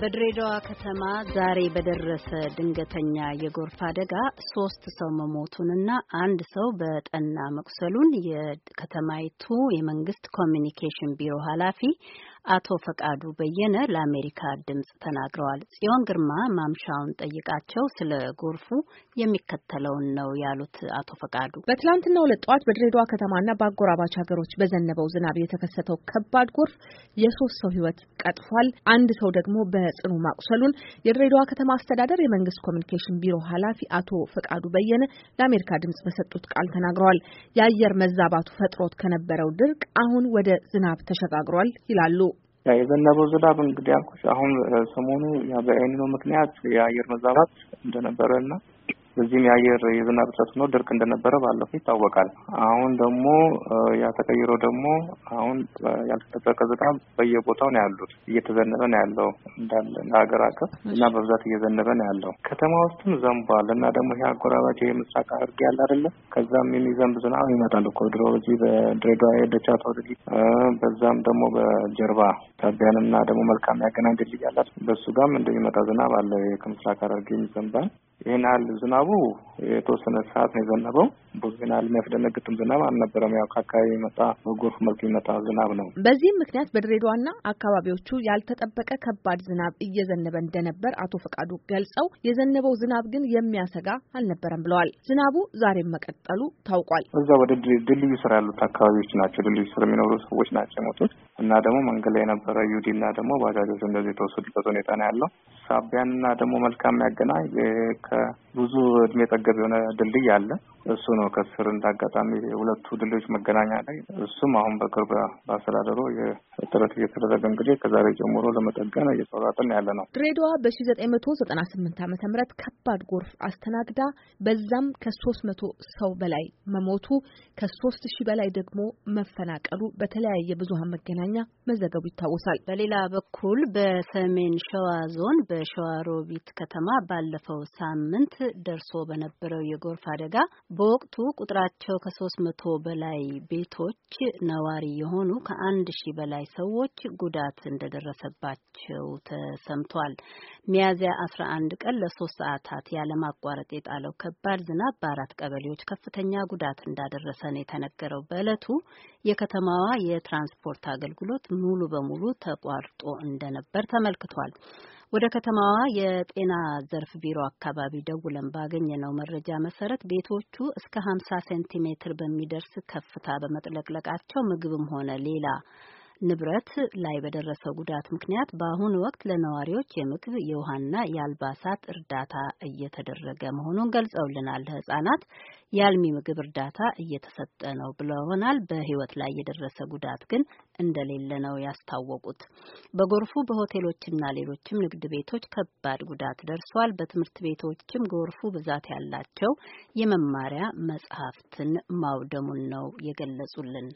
በድሬዳዋ ከተማ ዛሬ በደረሰ ድንገተኛ የጎርፍ አደጋ ሶስት ሰው መሞቱንና አንድ ሰው በጠና መቁሰሉን የከተማይቱ የመንግስት ኮሚኒኬሽን ቢሮ ኃላፊ አቶ ፈቃዱ በየነ ለአሜሪካ ድምጽ ተናግረዋል። ጽዮን ግርማ ማምሻውን ጠይቃቸው ስለ ጎርፉ የሚከተለውን ነው ያሉት አቶ ፈቃዱ። በትላንትና ሁለት ጠዋት በድሬዳዋ ከተማና በአጎራባች ሀገሮች በዘነበው ዝናብ የተከሰተው ከባድ ጎርፍ የሶስት ሰው ህይወት ቀጥፏል። አንድ ሰው ደግሞ በጽኑ ማቁሰሉን የድሬዳዋ ከተማ አስተዳደር የመንግስት ኮሚኒኬሽን ቢሮ ኃላፊ አቶ ፈቃዱ በየነ ለአሜሪካ ድምጽ በሰጡት ቃል ተናግረዋል። የአየር መዛባቱ ፈጥሮት ከነበረው ድርቅ አሁን ወደ ዝናብ ተሸጋግሯል ይላሉ። ያ የዘነበው ዝናብ እንግዲህ አልኩሽ አሁን ሰሞኑ ያ ምክንያት የአየር መዛባት እንደነበረ እና በዚህም የአየር የዝናብ እጥረት ነው ድርቅ እንደነበረ ባለፈው ይታወቃል። አሁን ደግሞ ያ ተቀይሮ ደግሞ አሁን ያልተጠበቀ ዝናብ በየቦታው ነው ያሉት እየተዘነበ ነው ያለው እንዳለ ለሀገር አቀፍ እና በብዛት እየዘነበ ነው ያለው። ከተማ ውስጥም ዘንቧል እና ደግሞ ይህ አጎራባች የምስራቅ ሐረርጌ ያለ አይደለም ከዛም የሚዘንብ ዝናብ ይመጣል እኮ ድሮ በዚህ በድሬዳዋ የደቻ ተወደጊ በዛም ደግሞ በጀርባ ታቢያንና ደግሞ መልካም ያገናኝ ድልድይ አላት በሱ ጋም እንደሚመጣ ዝናብ አለ ከምስራቅ ሐረርጌ የሚዘንባል ይህን ያህል ዝናቡ የተወሰነ ሰዓት ነው የዘነበው። ብዙ ዝናብ የሚያስደነግጥም ዝናብ አልነበረም። ያው ከአካባቢ የመጣ በጎርፍ መልክ የመጣ ዝናብ ነው። በዚህም ምክንያት በድሬዳዋና አካባቢዎቹ ያልተጠበቀ ከባድ ዝናብ እየዘነበ እንደነበር አቶ ፈቃዱ ገልጸው የዘነበው ዝናብ ግን የሚያሰጋ አልነበረም ብለዋል። ዝናቡ ዛሬም መቀጠሉ ታውቋል። እዛ ወደ ድልድዩ ስራ ያሉት አካባቢዎች ናቸው። ድልድዩ ስር የሚኖሩ ሰዎች ናቸው የሞቱት እና ደግሞ መንገድ ላይ የነበረ ዩዲ እና ደግሞ ባጃጆች እንደዚህ የተወሰዱበት ሁኔታ ነው ያለው። ሳቢያን ሳቢያንና ደግሞ መልካም ያገናኝ ብዙ እድሜ ጠገብ የሆነ ድልድይ አለ። እሱ ነው ከስር እንዳጋጣሚ ሁለቱ ድልድዮች መገናኛ ላይ እሱም አሁን በቅርብ በአስተዳደሩ ጥረት እየተደረገ እንግዲህ ከዛሬ ጀምሮ ለመጠገን እየተወጣጠን ያለ ነው። ድሬዳዋ በሺ ዘጠኝ መቶ ዘጠና ስምንት ዓመተ ምህረት ከባድ ጎርፍ አስተናግዳ በዛም ከሶስት መቶ ሰው በላይ መሞቱ ከሶስት ሺህ በላይ ደግሞ መፈናቀሉ በተለያየ ብዙሀን መገናኛ መዘገቡ ይታወሳል። በሌላ በኩል በሰሜን ሸዋ ዞን በሸዋሮቢት ከተማ ባለፈው ሳምንት ደርሶ በነበረው የጎርፍ አደጋ በወቅቱ ቁጥራቸው ከሶስት መቶ በላይ ቤቶች ነዋሪ የሆኑ ከአንድ ሺህ በላይ ሰዎች ጉዳት እንደደረሰባቸው ተሰምቷል። ሚያዝያ አስራ አንድ ቀን ለሶስት ሰዓታት ያለማቋረጥ የጣለው ከባድ ዝናብ በአራት ቀበሌዎች ከፍተኛ ጉዳት እንዳደረሰ ነው የተነገረው። በእለቱ የከተማዋ የትራንስፖርት አገልግሎት ሙሉ በሙሉ ተቋርጦ እንደነበር ተመልክቷል። ወደ ከተማዋ የጤና ዘርፍ ቢሮ አካባቢ ደውለን ባገኘነው መረጃ መሰረት ቤቶቹ እስከ 50 ሴንቲሜትር በሚደርስ ከፍታ በመጥለቅለቃቸው ምግብም ሆነ ሌላ ንብረት ላይ በደረሰው ጉዳት ምክንያት በአሁኑ ወቅት ለነዋሪዎች የምግብ የውሃና የአልባሳት እርዳታ እየተደረገ መሆኑን ገልጸውልናል። ለህጻናት የአልሚ ምግብ እርዳታ እየተሰጠ ነው ብለውናል። በህይወት ላይ የደረሰ ጉዳት ግን እንደሌለ ነው ያስታወቁት። በጎርፉ በሆቴሎችና ሌሎችም ንግድ ቤቶች ከባድ ጉዳት ደርሷል። በትምህርት ቤቶችም ጎርፉ ብዛት ያላቸው የመማሪያ መጽሐፍትን ማውደሙን ነው የገለጹልን።